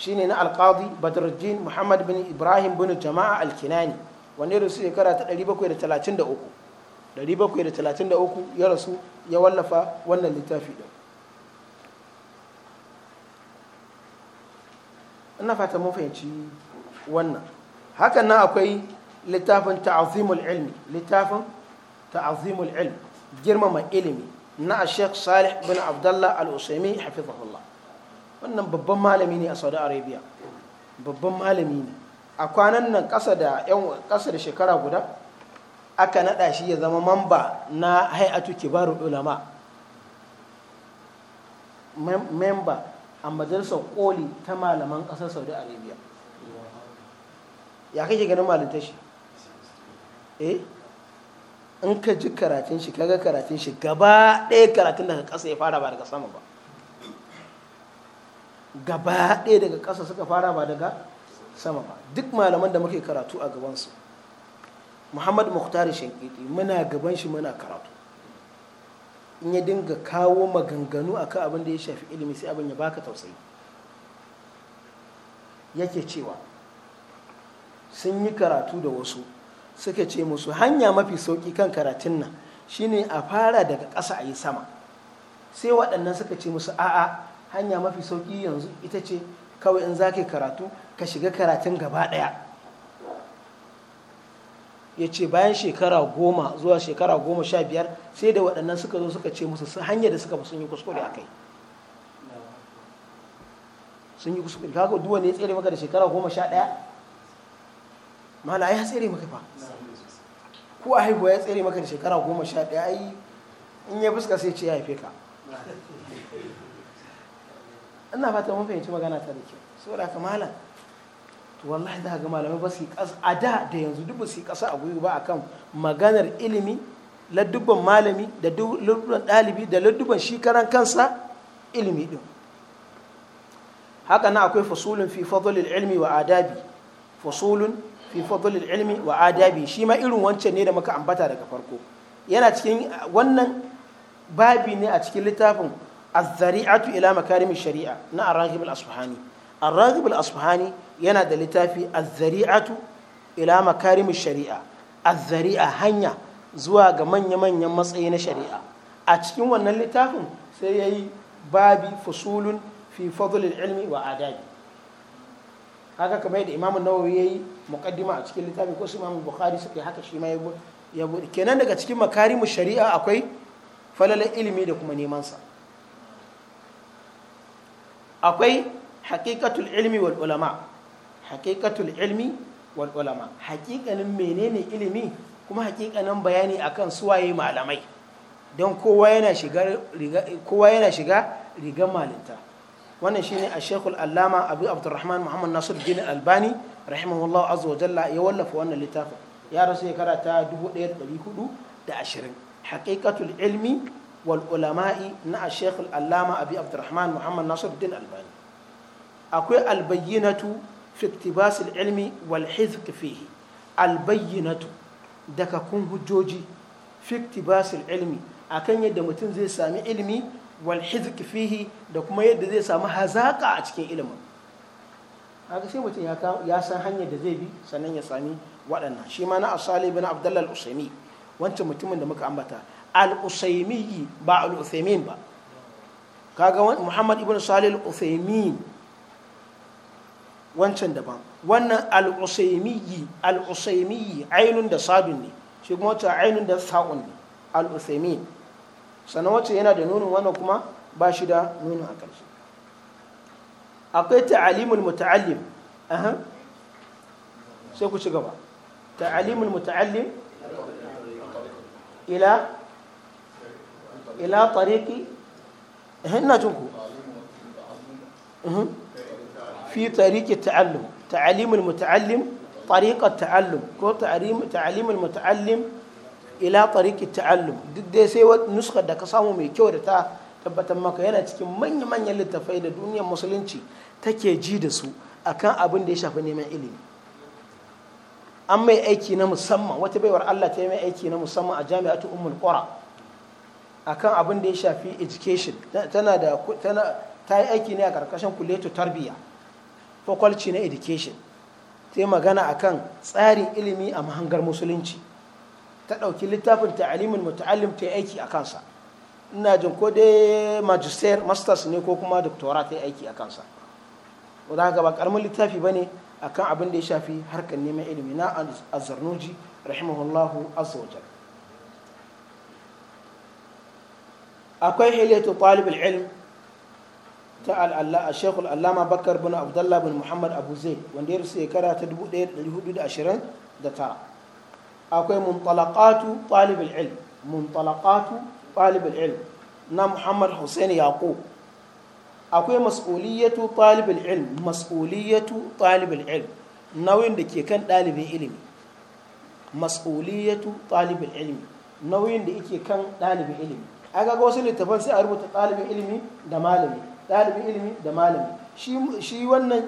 shine na alqadi badruddin muhammad bin ibrahim bin jama'a alkinani wanne ya rasu shekara ta 733 733 ya rasu ya wallafa wannan littafi din ina fata mun fahimci wannan hakan nan akwai littafin ta'azimul ilmi littafin ta'azimul ilm girmama ilimi na Sheikh Salih bin Abdullah Al-Usaimi hafizahullah wannan babban malami ne a Saudi Arabia babban malami ne a kwanan nan ƙasa da yan ƙasa da shekara guda aka naɗa shi ya zama mamba na hay'atu kibarul ulama memba a majalisar koli ta malaman ƙasar Saudi Arabia ya kake ganin malintashi eh in ka ji karatun shi kaga karatun shi gaba ɗaya karatun daga ƙasa ya fara ba daga sama ba gaba ɗaya daga ƙasa suka fara ba daga sama ba duk malaman da muke karatu a gabansu muhammad muhtari shankiti muna gaban shi muna karatu in ya dinga kawo maganganu a kan abin da ya shafi ilimi sai abin ya baka tausayi yake cewa sun yi karatu da wasu suka ce musu hanya mafi sauki kan karatun nan shine a fara daga ƙasa a yi sama sai waɗannan suka ce musu a'a hanya mafi sauki yanzu ita ce kawai in za ka karatu ka shiga karatun gaba ɗaya ya ce bayan shekara goma zuwa shekara goma sha biyar sai da waɗannan suka zo suka ce musu hanyar da suka sun yi kuskure a kai sun yi kuskure kaga duwa ne tsere maka da shekara goma sha ɗaya mana ya tsere maka fa ko a haihuwa ya tsere maka da shekara goma sha ɗaya ai in ya fuska sai ce ya haife ka ina fata mun fahimci magana ta da kyau saboda ka malam to wallahi za ga malamai ba su kasa a da da yanzu duk ba su kasa a gwiwa ba akan maganar ilimi ladduban malami da ladduban ɗalibi da ladduban shi karan kansa ilimi din haka na akwai fasulun fi fadlil ilmi wa adabi fasulun fi fadlil ilmi wa adabi shi ma irin wancan ne da muka ambata daga farko yana cikin wannan babi ne a cikin littafin az-zari'atu ila makarimi shari'a na ar-raghib al-asfahani ar-raghib al yana da littafi az-zari'atu ila makarimi shari'a az-zari'a hanya zuwa ga manya-manyan matsayi na shari'a a cikin wannan littafin sai yayi babi fusulun fi fadlil ilmi wa adabi haka kamar yadda imamu nawawi yayi muƙaddima a cikin littafi ko su imamu bukhari suka haka shi ma ya bude kenan daga cikin makarimu shari'a akwai falalar ilimi da kuma neman sa akwai haƙiƙatul ilmi wal ulama haƙiƙatul ilmi wal ulama haƙiƙanin menene ilimi kuma haƙiƙanin bayani akan suwaye malamai don kowa yana shiga kowa yana shiga rigar malinta wannan shine a shekul allama abu abdurrahman muhammad nasir jini albani rahimahullahu azza wa jalla ya wallafa wannan littafin ya rasu shekara ta 1420 haqiqatul ilmi wal ulama'i na a shekul allama abu abdurrahman muhammad nasir jini albani akwai albayyinatu fi ilmi wal hizq fihi albayyinatu daga kun hujjoji fi ilmi akan yadda mutum zai sami ilmi wal fihi da kuma yadda zai samu hazaƙa a cikin ilimin haka sai mutum ya san hanyar da zai bi sannan ya sami waɗannan shi ma na asali bin abdullal al'usaimi wancan mutumin da muka ambata al'usaimi ba al ba kaga muhammad ibn salih al'usaimi wancan daban wannan al'usaimi usaimi ainun da sadun ne shi kuma wancan ainun da sa'un ne sannan wacce yana da nunin wannan kuma ba shi da nunin a ƙarshe akwai ta'alimul muta'allim aha sai ku ci gaba ta'alimul muta'allim ila ila fi tariqi ta'allum ta'alimul muta'allim tariqat ko ta'alimul muta'allim ila tariki ta'allum duk dai sai nuskar da ka samu mai kyau da ta tabbatar maka yana cikin manya-manyan littafai da duniyar musulunci take ji da su akan abin da ya shafi neman ilimi an mai aiki na musamman wata baiwar Allah ta yi mai aiki na musamman a jami'atu ummul qura akan abin da ya shafi education tana da ta yi aiki ne a karkashin kuletu tarbiyya faculty na education ta yi magana akan tsarin ilimi a mahangar musulunci ta ɗauki littafin ta'alimin muta'allim ta aiki a kansa ina jin ko dai magister masters ne ko kuma doctora ta aiki a kansa wadda haka ba karamin littafi ba ne a kan abin da ya shafi harkar neman ilimi na azarnuji rahimahullahu azza wa akwai hilyatu talib ilm ta al'alla a shekul allama bakar bin abdullah bin muhammad abu zai wanda ya rasu shekara ta 1429 akwai muntalaqatu talibul ilm muntalaqatu talibul ilm na Muhammad Hussein yaƙo akwai mas'uliyatu talibul ilm mas'uliyatu talibul ilm nauyin da ke kan ɗalibin ilimi mas'uliyatu talibul ilmi nauyin da yake kan ɗalibin ilimi aga ga wasu littafan sai a rubuta ɗalibin ilimi da malami ɗalibin ilimi da malami shi wannan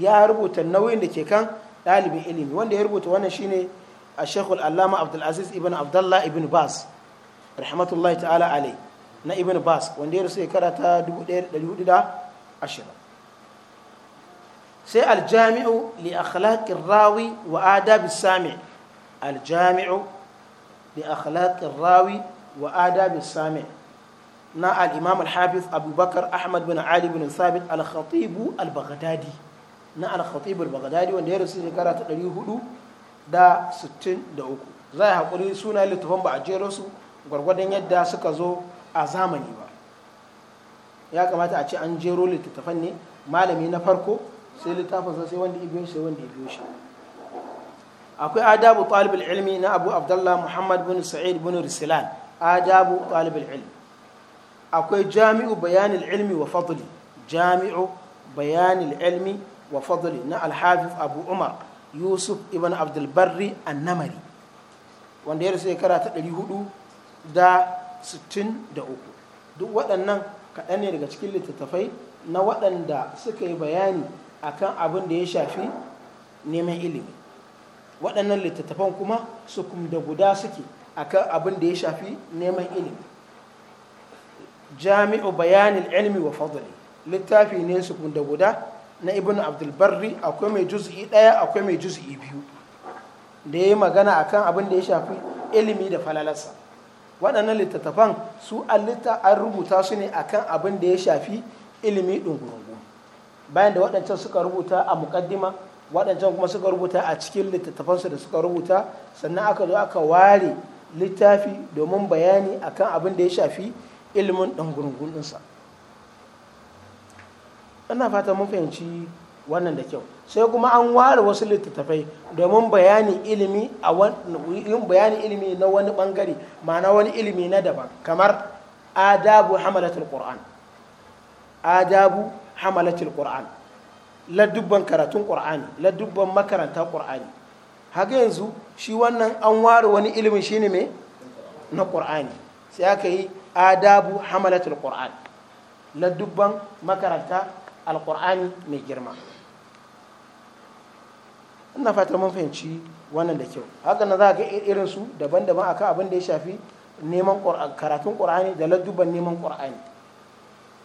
ya rubuta nauyin da ke kan ɗalibin ilimi wanda ya rubuta wannan shine a shekul allama abdulaziz ibn abdullah ibn bas rahmatullahi ta'ala alai na ibn bas wanda ya rasu shekara ta 1420 sai aljami'u li akhlaqir rawi wa adab sami aljami'u li akhlaqir rawi wa adab sami na al-imam abubakar ahmad bin ali bin sabit al-khatib al na al-khatib al wanda ya rasu shekara da 63 za a haƙuri suna littafan ba a jero su gwargwadon yadda suka zo a zamani ba ya kamata a ce an jero littattafan ne malami na farko sai littafinsa sai wanda ibiyo sai wanda ibiyo shi akwai adabu talibul ilmi na abu abdullah muhammad bin sa'id bin rislan adabu talibul ilmi akwai jami'u bayanil ilmi wa fadli jami'u bayanil ilmi wa fadli na alhafiz abu umar yusuf ibn abdulbarri annamari wanda ya rasu shekara ta da 463 duk waɗannan kaɗan ne daga cikin littattafai na waɗanda suka yi bayani akan abin da ya shafi neman ilimi waɗannan littattafan kuma su da guda suke akan abin da ya shafi neman ilimi jami'u bayanin ilimi wa fadali littafi ne su da guda na ibn abdulbarri akwai mai juz'i ɗaya akwai mai juz'i biyu da ya yi magana a kan abin da ya shafi ilimi da falalarsa waɗannan littattafan su allita an rubuta su ne a kan abin da ya shafi ilimi ɗungurungu bayan da waɗancan suka rubuta a muƙaddima waɗancan kuma suka rubuta a cikin littattafansu da suka rubuta sannan aka zo aka ware littafi domin bayani akan abin da ya shafi ilimin ɗungurungun ɗinsa ina fatan mun fahimci wannan da kyau sai kuma an ware wasu littattafai domin bayani ilimi a yin bayani ilimi na wani bangare ma'ana wani ilimi na daban kamar adabu hamalatul qur'an adabu hamalatul qur'an ladubban karatun qur'ani ladubban makaranta qur'ani haka yanzu shi wannan an ware wani ilimin shine me na qur'ani sai aka yi adabu hamalatul qur'an ladubban makaranta alkur'ani mai girma ina fata mun fahimci wannan da kyau haka na za ga irin su daban-daban akan abin da ya shafi neman karatun ƙur'ani da ladduban neman ƙur'ani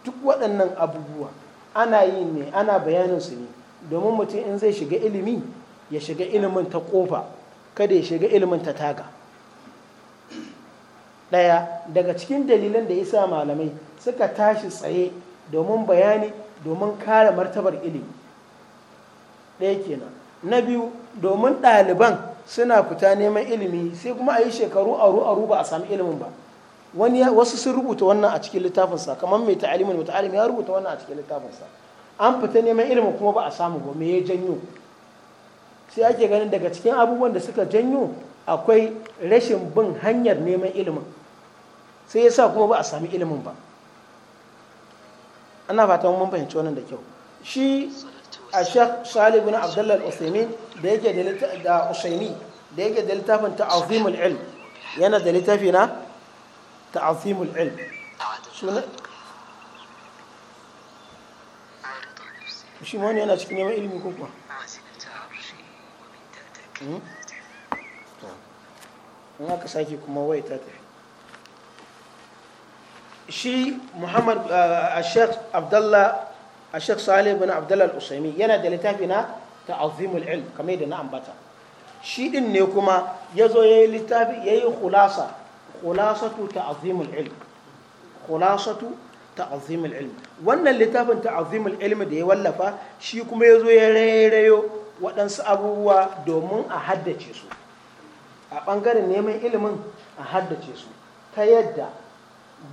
duk waɗannan abubuwa ana yi ne ana bayanin su ne domin mutum in zai shiga ilimi ya shiga ilimin ta ƙofa kada ya shiga ilimin ta taga ɗaya daga cikin dalilan da ya sa malamai suka tashi tsaye domin bayani domin kare martabar ilimi ɗaya kenan na biyu domin ɗaliban suna fita neman ilimi sai kuma a yi shekaru aru aru ba a sami ilimin ba wani wasu sun rubuta wannan a cikin littafinsa kamar mai ta'alimin muta'alim ya rubuta wannan a cikin littafinsa an fita neman ilimin kuma ba a samu ba me ya janyo sai ake ganin daga cikin abubuwan da suka janyo akwai rashin bin hanyar neman ilimin sai ya sa kuma ba a sami ilimin ba ana fatan mun fahimci wannan da kyau shi a shek salih bin abdullah usaimin da yake da usaimi da yake da littafin ta'azimul ilm yana da littafi na ta'azimul ilm shi wani yana cikin neman hmm? sake kuma wai ta tafi shi muhammad eh, a sheikh abdallah a salih bin abdallah al-usaimi yana da littafi na ta'azimul ilm kamar na ambata shi din ne kuma ya zo ya yi littafi ya yi khulasa khulasatu ta'azimul ilm khulasatu ilm wannan littafin ta'azimul ilm da ya wallafa shi kuma ya zo ya rairayo waɗansu abubuwa domin a haddace su a ɓangaren neman ilimin a haddace su ta yadda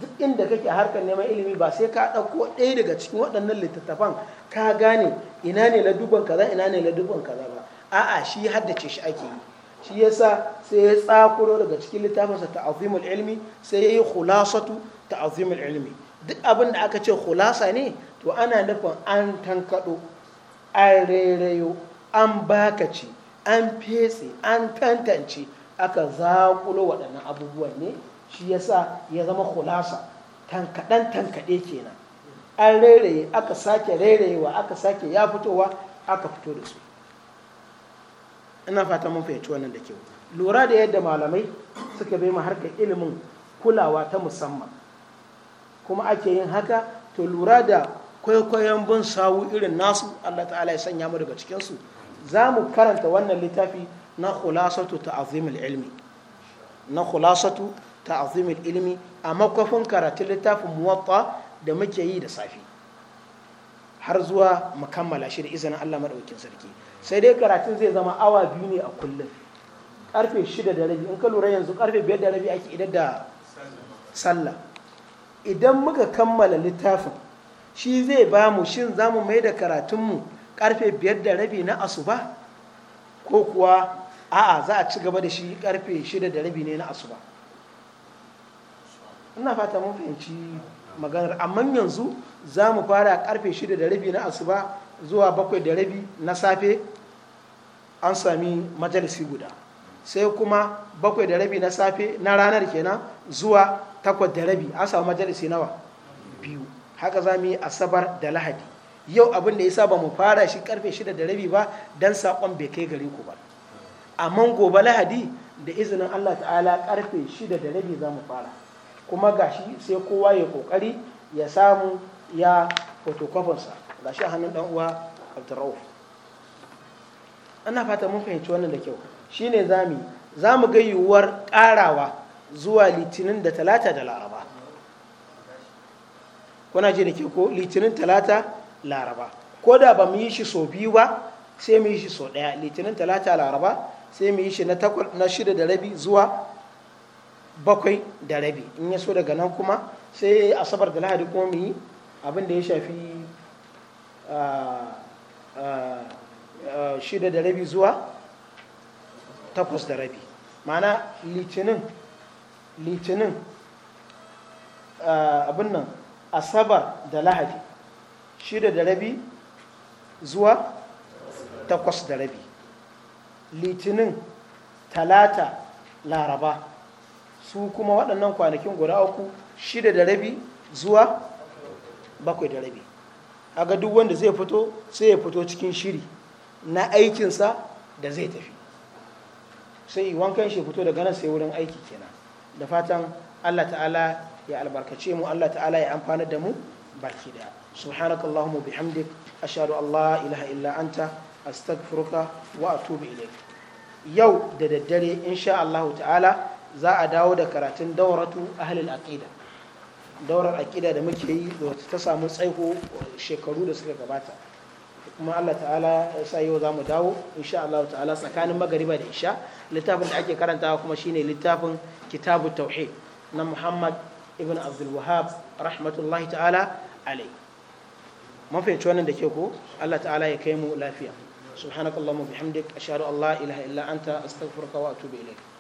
duk inda kake harkar neman ilimi ba sai ka ɗauko ɗaya daga cikin waɗannan littattafan ka gane ina ne na dubban kaza ina ne na dubban kaza ba a'a shi haddace shi ake yi shi yasa sai ya tsakuro daga cikin littafinsa ta'azimul ilmi sai ya yi khulasatu ta'azimul ilmi duk abin da aka ce khulasa ne to ana nufin an tankaɗo an rairayo an bakaci an fetse an tantance aka zakulo waɗannan abubuwan ne shi sa ya zama khulasa tankaɗan tankaɗe kenan an rairaye aka sake rairayewa aka sake ya fitowa aka fito da su ina fata mun fahimci wannan da kyau lura da yadda malamai suka bai ma harkar ilimin kulawa ta musamman kuma ake yin haka to lura da kwaikwayon bin sawu irin nasu Allah ta'ala ya sanya mu daga cikinsu za mu karanta wannan littafi na kulasatu ta azimul ilmi na kulasatu. azumin ilmi a makwafin karatun littafin muwatta da muke yi da safi har zuwa mu kammala shi da izinin Allah maɗaukin sarki sai dai karatun zai zama awa biyu ne a kullum ƙarfe 6 da rabi in ka lura yanzu ƙarfe 5 da rabi ake idan da sallah idan muka kammala littafin shi zai ba mu shin za mu mai da karatunmu ƙarfe 5 da rabi na asuba ko kuwa a'a za a ci gaba da shi ƙarfe 6 da rabi ne na asuba ina fata mun fahimci maganar amma yanzu za mu fara karfe shida da na asuba zuwa bakwai na safe an sami majalisi guda sai kuma bakwai da na safe na ranar kenan zuwa takwas an samu majalisi nawa biyu haka za mu yi asabar da lahadi yau abin da yasa sa ba mu fara shi karfe shida ba dan saƙon bai kai gare ku ba amma gobe lahadi da izinin allah ta'ala karfe shida rabi za mu fara kuma gashi sai kowa ya kokari ya samu ya fotokofinsa gashi a hannun dan uwa abdurrahu ana fata mun fahimci wannan da kyau shine zami za mu ga yiwuwar karawa zuwa litinin da talata da laraba kuna ji da ke ko litinin talata laraba ko da ba mu yi shi so biyu ba sai mu yi shi so ɗaya litinin talata laraba sai mu yi shi na shida da rabi zuwa bakwai da rabi in ya so daga nan kuma sai asabar da lahadi kuma mu yi abin da ya shafi ah, ah, ah, shida da rabi zuwa takwas da rabi mana litinin litinin abin nan asabar da lahadi shida da rabi zuwa takwas da rabi litinin talata laraba su kuma waɗannan kwanakin guda uku shida da rabi zuwa bakwai da rabi aga duk wanda zai fito sai ya fito cikin shiri na aikinsa da zai tafi sai wankan shi fito daga nan sai wurin aiki kenan da fatan allah ta'ala ya albarkace mu allah ta'ala ya amfana da mu baki daya Allahumma bihamdik ashhadu an ilaha illa anta astaghfiruka wa atubu ilaik yau da daddare insha allahu ta'ala za a dawo da karatun dauratu ahlul aqida daurar aqida da muke yi da ta samu tsaiko shekaru da suka gabata kuma Allah ta'ala sa yau za mu dawo insha Allah ta'ala tsakanin magariba da isha littafin da ake karantawa kuma shine littafin kitabu tauhid na Muhammad ibn Abdul Wahhab rahmatullahi ta'ala alai mun wannan da ke ko Allah ta'ala ya kai mu lafiya subhanakallahumma bihamdik ashhadu an la ilaha illa anta astaghfiruka wa atubu